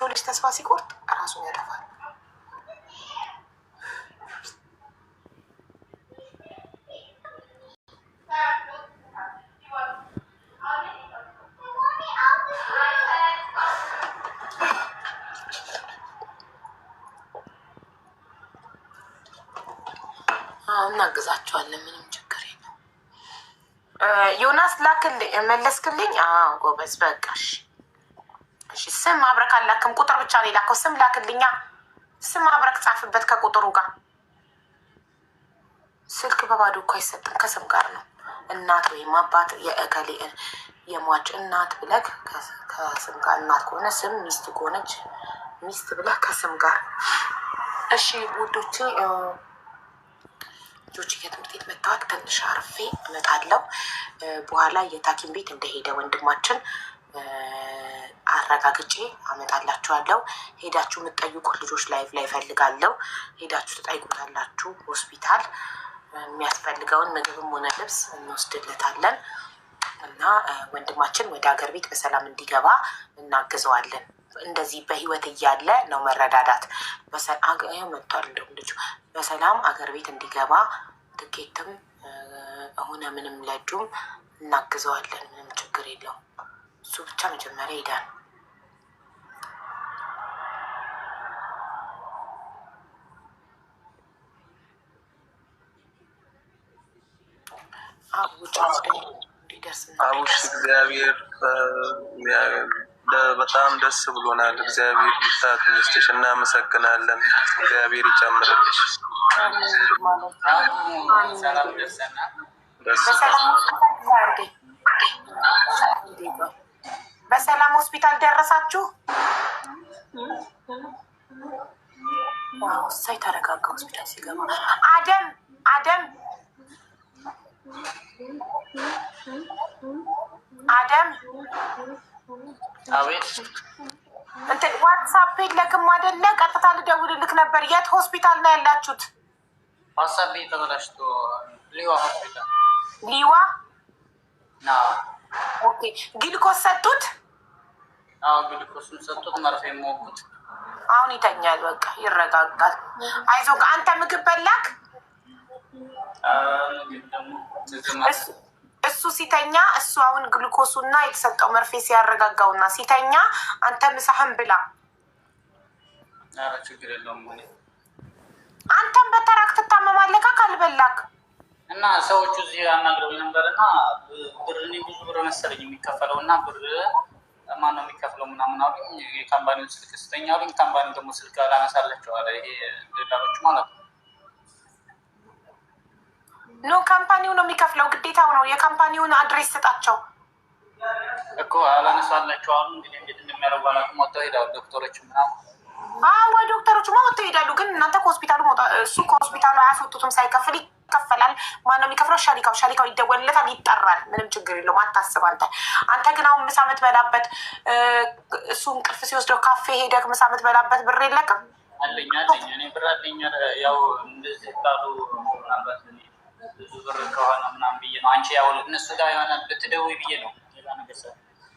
ሰው ልጅ ተስፋ ሲቆርጥ ራሱን ያጠፋል። እናግዛቸዋለን። ምንም ችግር የለም። ዮናስ ላክልኝ፣ መለስክልኝ። አዎ ጎበዝ፣ በቃሽ እሺ ስም አብረክ አላክም። ቁጥር ብቻ ነው የላከው። ስም ላክልኛ። ስም አብረክ ጻፍበት ከቁጥሩ ጋር። ስልክ በባዶ እኮ አይሰጥም፣ ከስም ጋር ነው። እናት ወይም አባት የእገሌ የሟች እናት ብለክ ከስም ጋር እናት ከሆነ ስም፣ ሚስት ከሆነች ሚስት ብለህ ከስም ጋር። እሺ ውዶቼ ልጆች ከትምህርት ቤት መጥተዋል። ትንሽ አርፌ እመጣለሁ። በኋላ የታኪም ቤት እንደሄደ ወንድማችን አረጋግጬ አመጣላችኋለሁ። ሄዳችሁ የምትጠይቁት ልጆች ላይፍ ላይ ፈልጋለሁ። ሄዳችሁ ትጠይቁታላችሁ። ሆስፒታል የሚያስፈልገውን ምግብም ሆነ ልብስ እንወስድለታለን እና ወንድማችን ወደ ሀገር ቤት በሰላም እንዲገባ እናግዘዋለን። እንደዚህ በህይወት እያለ ነው መረዳዳት። መጥቷል እንደውም ልጁ በሰላም አገር ቤት እንዲገባ ትኬትም ሆነ ምንም ለጁም እናግዘዋለን። ምንም ችግር የለውም። እሱ ብቻ መጀመሪያ ይሄዳል። አቡሽ እግዚአብሔር በጣም ደስ ብሎናል። እግዚአብሔር ይታት ይስጥሽ፣ እናመሰግናለን። እግዚአብሔር ይጨምርልሽ። ሰላም በሰላም ሆስፒታል ደረሳችሁ? ሳይ ተረጋጋ። ሆስፒታል ሲገባ አደም አደም አደም አቤት፣ እንትን ዋትሳፕ የለክም አይደለ? ቀጥታ ልደውልልክ ነበር። የት ሆስፒታል ነው ያላችሁት? ዋትሳፕ ተበላሽቶ ሊዋ ሆስፒታል ሊዋ ኦኬ ግልኮስ ሰጡት? አዎ ግልኮስም ሰጡት። መርፌ የሞቁት አሁን ይተኛል። በቃ ይረጋጋል። አይዞህ። አንተ ምግብ በላክ? እሱ ሲተኛ እሱ አሁን ግልኮሱና የተሰጠው መርፌ ሲያረጋጋውና ሲተኛ አንተ ምሳህን ብላ። አንተም በተራክ ትታመማለካ ካልበላክ እና ሰዎቹ እዚህ አናግረው ነበር እና ብር እኔ ብዙ ብር መሰለኝ የሚከፈለው እና ብር ማን ነው የሚከፍለው ምናምን አሉኝ። የካምፓኒውን ስልክ ስተኛ አሉኝ። ካምፓኒ ደግሞ ስልክ አላነሳላቸው ይሄ ደላሎች ማለት ነው። ኖ ካምፓኒው ነው የሚከፍለው፣ ግዴታው ነው። የካምፓኒውን አድሬስ ስጣቸው እኮ አላነሳላቸው አሉ። እንግዲህ እንዴት እንደሚያደርጉ አላውቅም። ወጥተው ሄዳሉ ዶክተሮች ምናምን አዎ ዶክተሮች ማ ወጥተው ይሄዳሉ። ግን እናንተ ከሆስፒታሉ እሱ ከሆስፒታሉ አያስወጡትም ሳይከፍል ይከፈላል። ማነው የሚከፍለው? ሸሪካው። ሸሪካው ይደወልለታል፣ ይጠራል። ምንም ችግር የለውም። አታስብ አንተ አንተ ግን አሁን ምሳ የምትበላበት እሱ እንቅልፍ ሲወስደው ካፌ ሄደህ ምሳ የምትበላበት ብር የለቅም። ብር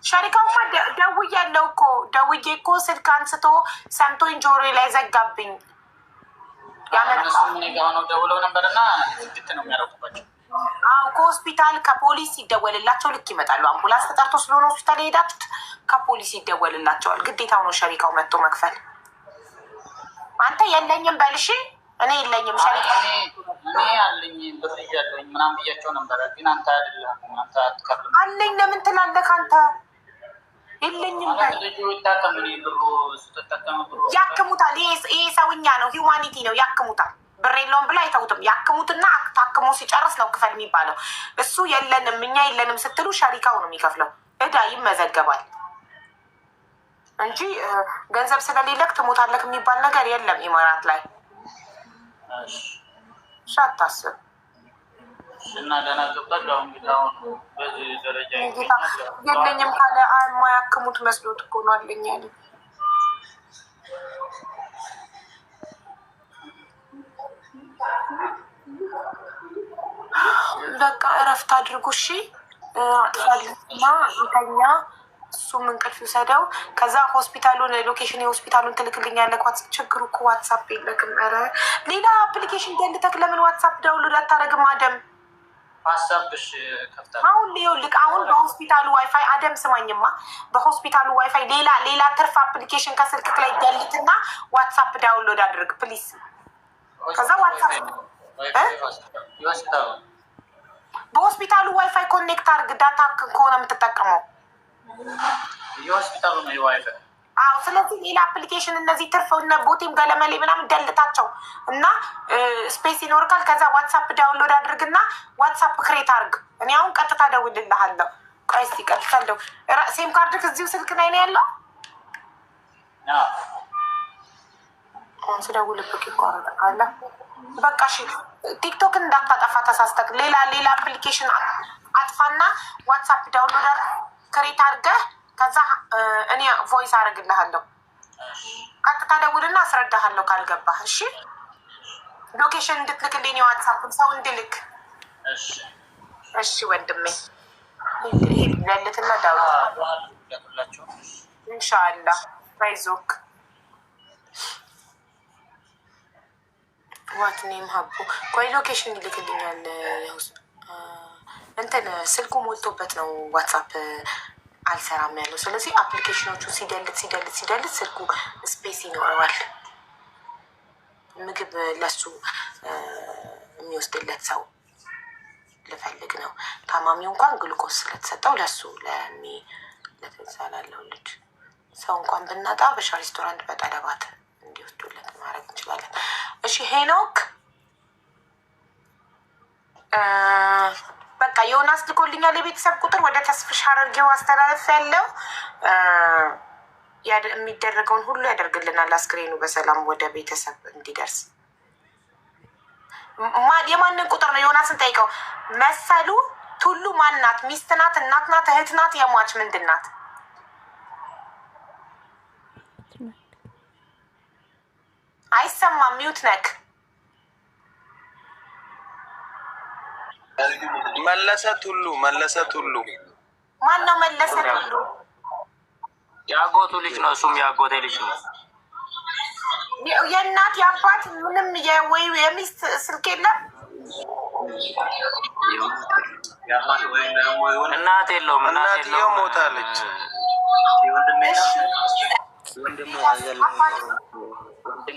ሸሪካውማ ደውዬ ያለው እኮ ደውዬ እኮ ስልክ አንስቶ ሰምቶኝ ጆሮዬ ላይ ዘጋብኝ። ደውለው ነበር ከሆስፒታል ከፖሊስ ይደወልላቸው፣ ልክ ይመጣሉ። አምቡላንስ ተጠርቶ ስለሆነ ሆስፒታል የሄዳችሁት ከፖሊስ ይደወልላቸዋል። ግዴታው ነው ሸሪካው መጥቶ መክፈል። አንተ የለኝም በልሽ እኔ የለኝም ሸሪካ አለኝ ብር ብያቸው ነበረ። ግን አንተ አይደለም አንተ አለኝ ለምን ትላለህ አንተ የለኝም። ያክሙታል። ይሄ ሰውኛ ነው፣ ሂዩማኒቲ ነው። ያክሙታል። ብር የለውም ብሎ አይተውትም። ያክሙትና ታክሞ ሲጨርስ ነው ክፈል የሚባለው። እሱ የለንም እኛ የለንም ስትሉ ሸሪካው ነው የሚከፍለው። እዳ ይመዘገባል እንጂ ገንዘብ ስለሌለክ ትሞታለክ የሚባል ነገር የለም ኢማራት ላይ ሻታስብ እና ገና ገብቷል። ያው እንግዲህ አሁን በዚህ ደረጃ የለኝም ካለ የማያክሙት መስሎት እኮ ነው አለኝ በቃ እረፍት አድርጉ። እሺ አጥፋልና ይተኛ፣ እሱም እንቅልፍ ይውሰደው። ከዛ ሆስፒታሉን ሎኬሽን የሆስፒታሉን ትልክልኛለህ። ችግሩ እኮ ዋትሳፕ የለክም። ኧረ ሌላ አፕሊኬሽን ገንድተክ ለምን ዋትሳፕ ዳውንሎድ አታደርግም? አደም አሁን ልቅ አሁን በሆስፒታሉ ዋይፋይ አደም ስማኝማ፣ በሆስፒታሉ ዋይፋይ ሌላ ሌላ ትርፍ አፕሊኬሽን ከስልክት ላይ ገልትና ዋትሳፕ ዳውንሎድ አድርግ ፕሊስ። ከዛ ዋትሳፕ በሆስፒታሉ ዋይፋይ ኮኔክት አድርግ። ዳታ ከሆነ የምትጠቀመው የሆስፒታሉ ዋይፋይ አዎ ስለዚህ ሌላ አፕሊኬሽን እነዚህ ትርፍ እነ ቦቴም ገለመሌ ምናምን ደልታቸው እና ስፔስ ይኖርካል። ከዛ ዋትሳፕ ዳውንሎድ አድርግና ዋትሳፕ ክሬት አድርግ። እኔ አሁን ቀጥታ ደውልልሃለሁ። ቀስ ቀጥታ ደው ሴም ካርድ እዚሁ ስልክ ላይ ነው ያለው። ስደውልብክ ይቋረጣል። በቃ እሺ፣ ቲክቶክን እንዳታጠፋ ተሳስተክ። ሌላ ሌላ አፕሊኬሽን አጥፋና ዋትሳፕ ዳውንሎድ ክሬት አድርገህ ከዛ እኔ ቮይስ አደርግልሃለሁ። ቀጥታ ደውልና አስረዳሃለሁ ካልገባህ። እሺ ሎኬሽን እንድትልክልኝ ዋትሳፕን ሰው እንድልክ። እሺ ወንድሜ ለልትና ዳው እንሻላ ባይዞክ ዋት ኔም ሀቡ ቆይ ሎኬሽን ይልክልኛል። እንትን ስልኩ ሞልቶበት ነው ዋትሳፕ አልሰራም ነው ያለው። ስለዚህ አፕሊኬሽኖቹ ሲደልት ሲደልት ሲደልት ስልኩ ስፔስ ይኖረዋል። ምግብ ለሱ የሚወስድለት ሰው ልፈልግ ነው። ታማሚው እንኳን ግልቆስ ስለተሰጠው ለሱ ለሚ ለተንሳላለው ልጅ ሰው እንኳን ብናጣ በሻ ሬስቶራንት በጠለባት እንዲወስዱለት ማድረግ እንችላለን። እሺ ሄኖክ በቃ የሆነ አስልኮልኛል የቤተሰብ ቁጥር ወደ ተስፍሻ አድርጌው አስተላለፍ ያለው የሚደረገውን ሁሉ ያደርግልናል። አስክሬኑ በሰላም ወደ ቤተሰብ እንዲደርስ የማንን ቁጥር ነው ዮናስን ጠይቀው። መሰሉ ቱሉ ማንናት? ሚስት ናት? እናት ናት? እህት ናት? የሟች ምንድን ናት? አይሰማም። ሚውት ነክ መለሰ ቱሉ መለሰ ቱሉ ማን ነው መለሰ ቱሉ? ያጎቱ ልጅ ነው። እሱም ያጎተ ልጅ ነው። የእናት የአባት ምንም ወይ የሚስት ስልክ የለም። እናት የለውም። እናትየው ሞታለች።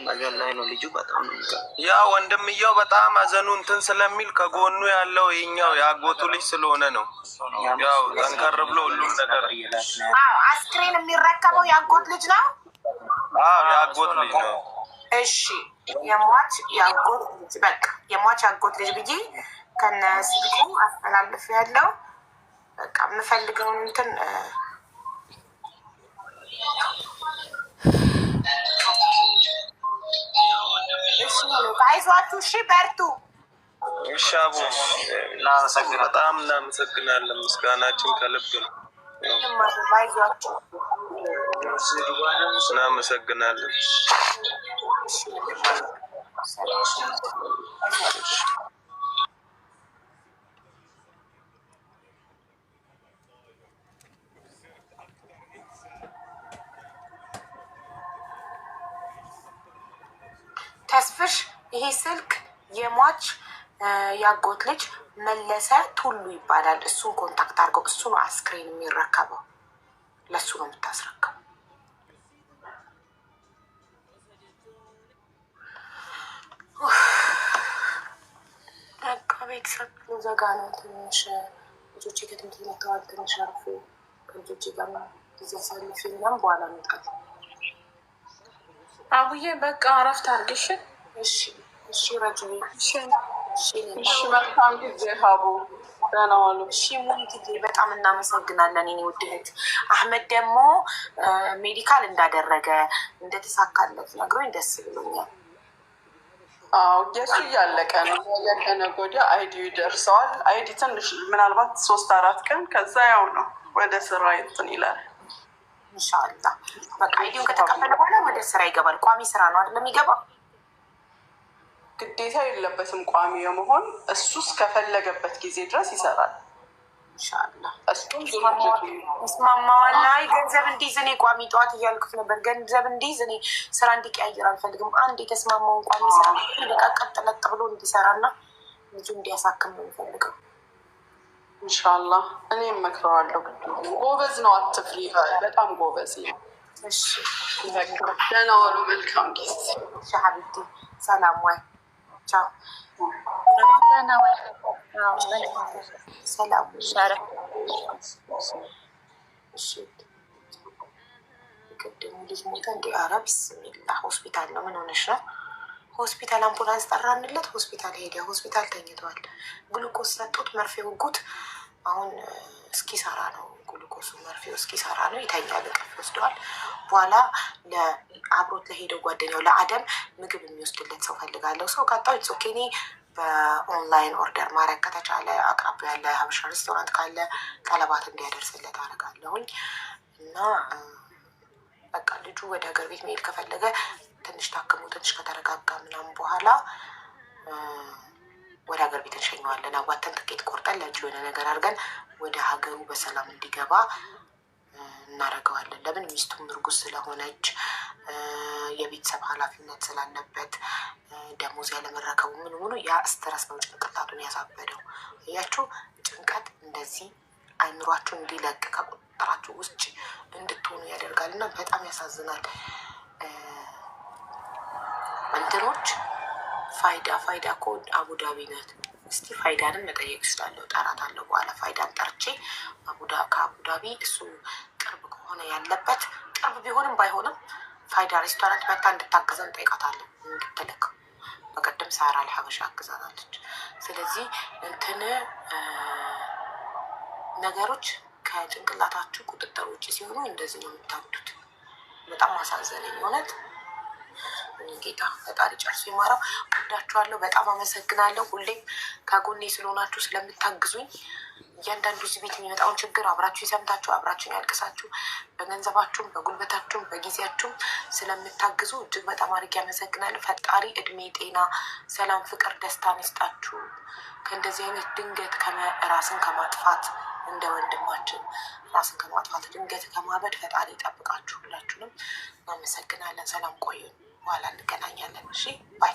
ነገር ላይ ነው ልጁ በጣም ያ ወንድምየው በጣም አዘኑ እንትን ስለሚል ከጎኑ ያለው ይኛው የአጎቱ ልጅ ስለሆነ ነው። ያው ጠንከር ብሎ ሁሉም ነገር አስክሬን የሚረከበው የአጎት ልጅ ነው። የአጎት ልጅ ነው። እሺ የሟች የአጎት ልጅ በቃ የሟች የአጎት ልጅ ብዬ ከነ ስልኩ አስተላልፍ ያለው በቃ የምፈልገውን እንትን አይዟችሁ፣ እሺ በርቱ። ይሻቡ በጣም እናመሰግናለን። ምስጋናችን ከልብ ነው። እናመሰግናለን። ይሄ ስልክ የሟች ያጎት ልጅ መለሰ ቱሉ ይባላል። እሱን ኮንታክት አድርገው፣ እሱ ነው አስክሬን የሚረከበው። ለእሱ ነው የምታስረከበው። ቤተሰብ ዘጋ ነው። ትንሽ ልጆቼ ከትምህርት መተዋል። ትንሽ አርፎ ከልጆቼ ጋር ጊዜ አሳልፍ ኛም በኋላ መጣት አቡዬ፣ በቃ አረፍት አርግሽን እሺ። እሺ ረጅሜ እሺ፣ መልካም ጊዜ ሀቡ። ደህና ዋሉ። እሺ ሙኒትዬ፣ በጣም እናመሰግናለን የኔ ውድ እህት። አህመድ ደግሞ ሜዲካል እንዳደረገ እንደተሳካለት ነግሮኝ ደስ ብሎኛል። አዎ የሱ እያለቀ ነው። ያለቀ ነገ ወዲያ አይዲ ይደርሰዋል። አይዲ ትንሽ ምናልባት ሶስት አራት ቀን ከዛ ያው ነው ወደ ስራ እንትን ይላል። ኢንሻላህ በቃ አይዲውን ከተቀበለ በኋላ ወደ ስራ ይገባል። ቋሚ ስራ ነው አይደለም የሚገባው ግዴታ የለበትም ቋሚ የመሆን እሱ እስከፈለገበት ጊዜ ድረስ ይሰራል። እስማማዋለሁ። ገንዘብ እንዲይዝ እኔ ቋሚ ጠዋት እያልኩት ነበር። ገንዘብ እንዲይዝ እኔ ስራ እንዲቀያየር አልፈልግም። አንድ የተስማማውን ቋሚ ስራ በቃ ቀጥለጥ ብሎ እንዲሰራና ልጁ እንዲያሳክም ነው የሚፈልገው። እንሻላ እኔ እመክረዋለሁ። ጎበዝ ነው፣ አትፍሪ። በጣም ጎበዝ ነው። ደህና ዋሉ። መልካም ጊዜ። ሰላም ዋይ ቻው። ሰላም ቅድም ልጅ ሞተ እንዲ አረብስ ሆስፒታል ነው። ምን ሆነሽ ነው? ሆስፒታል አምቡላንስ ጠራንለት። ሆስፒታል ሄደ። ሆስፒታል ተኝተዋል። ግሉኮስ ሰጡት፣ መርፌ ውጉት አሁን እስኪሰራ ነው ግሉኮሱ መርፌው እስኪሰራ ነው ይተኛል፣ እንቅልፍ ይወስደዋል። በኋላ አብሮት ለሄደው ጓደኛው ለአደም ምግብ የሚወስድለት ሰው ፈልጋለሁ። ሰው ቀጣው ኦኬ፣ በኦንላይን ኦርደር ማድረግ ከተቻለ አቅራቢ ያለ ሀበሻ ሬስቶራንት ካለ ቀለባት እንዲያደርስለት አደርጋለሁኝ እና በቃ ልጁ ወደ ሀገር ቤት መሄድ ከፈለገ ትንሽ ታክሞ ትንሽ ከተረጋጋ ምናምን በኋላ ወደ ሀገር ቤት እንሸኘዋለን። አዋተን ትኬት ቆርጠን ለእጅ የሆነ ነገር አድርገን ወደ ሀገሩ በሰላም እንዲገባ እናደርገዋለን። ለምን ሚስቱም እርጉዝ ስለሆነች የቤተሰብ ኃላፊነት ስላለበት ደሞዝ ያለመረከቡ ምን ሆኖ ያ ስትረስ ነው ጭንቅላቱን ያሳበደው። እያችሁ ጭንቀት እንደዚህ አይምሯችሁን እንዲለቅ ከቁጥጥራችሁ ውስጭ እንድትሆኑ ያደርጋል እና በጣም ያሳዝናል እንትኖች ፋይዳ ፋይዳ እኮ አቡዳቢ ናት። እስቲ ፋይዳንም መጠየቅ ጠራት አለው። በኋላ ፋይዳን ጠርቼ ከአቡዳቢ እሱ ቅርብ ከሆነ ያለበት ቅርብ ቢሆንም ባይሆንም ፋይዳ ሬስቶራንት መታ እንድታግዘን እንጠይቃታለን እንድትልክ በቀደም ሳራ ለሀበሻ አግዛታለች። ስለዚህ እንትን ነገሮች ከጭንቅላታችሁ ቁጥጥር ውጭ ሲሆኑ እንደዚህ ነው የምታወዱት። በጣም አሳዘነኝ እውነት። ያድርግልኝ ጌታ ፈጣሪ ጨርሶ ይማራው። ወዳችኋለሁ። በጣም አመሰግናለሁ። ሁሌም ከጎኔ ስለሆናችሁ ስለምታግዙኝ እያንዳንዱ እዚህ ቤት የሚመጣውን ችግር አብራችሁ ይሰምታችሁ፣ አብራችሁን ያልቅሳችሁ በገንዘባችሁም በጉልበታችሁም በጊዜያችሁም ስለምታግዙ እጅግ በጣም አድርጌ ያመሰግናለሁ። ፈጣሪ እድሜ፣ ጤና፣ ሰላም፣ ፍቅር፣ ደስታን ይስጣችሁ። ከእንደዚህ አይነት ድንገት ራስን ከማጥፋት እንደ ወንድማችን ራስን ከማጥፋት ድንገት ከማበድ ፈጣሪ ይጠብቃችሁ። ሁላችሁንም እናመሰግናለን። ሰላም ቆዩ። በኋላ እንገናኛለን። እሺ ባይ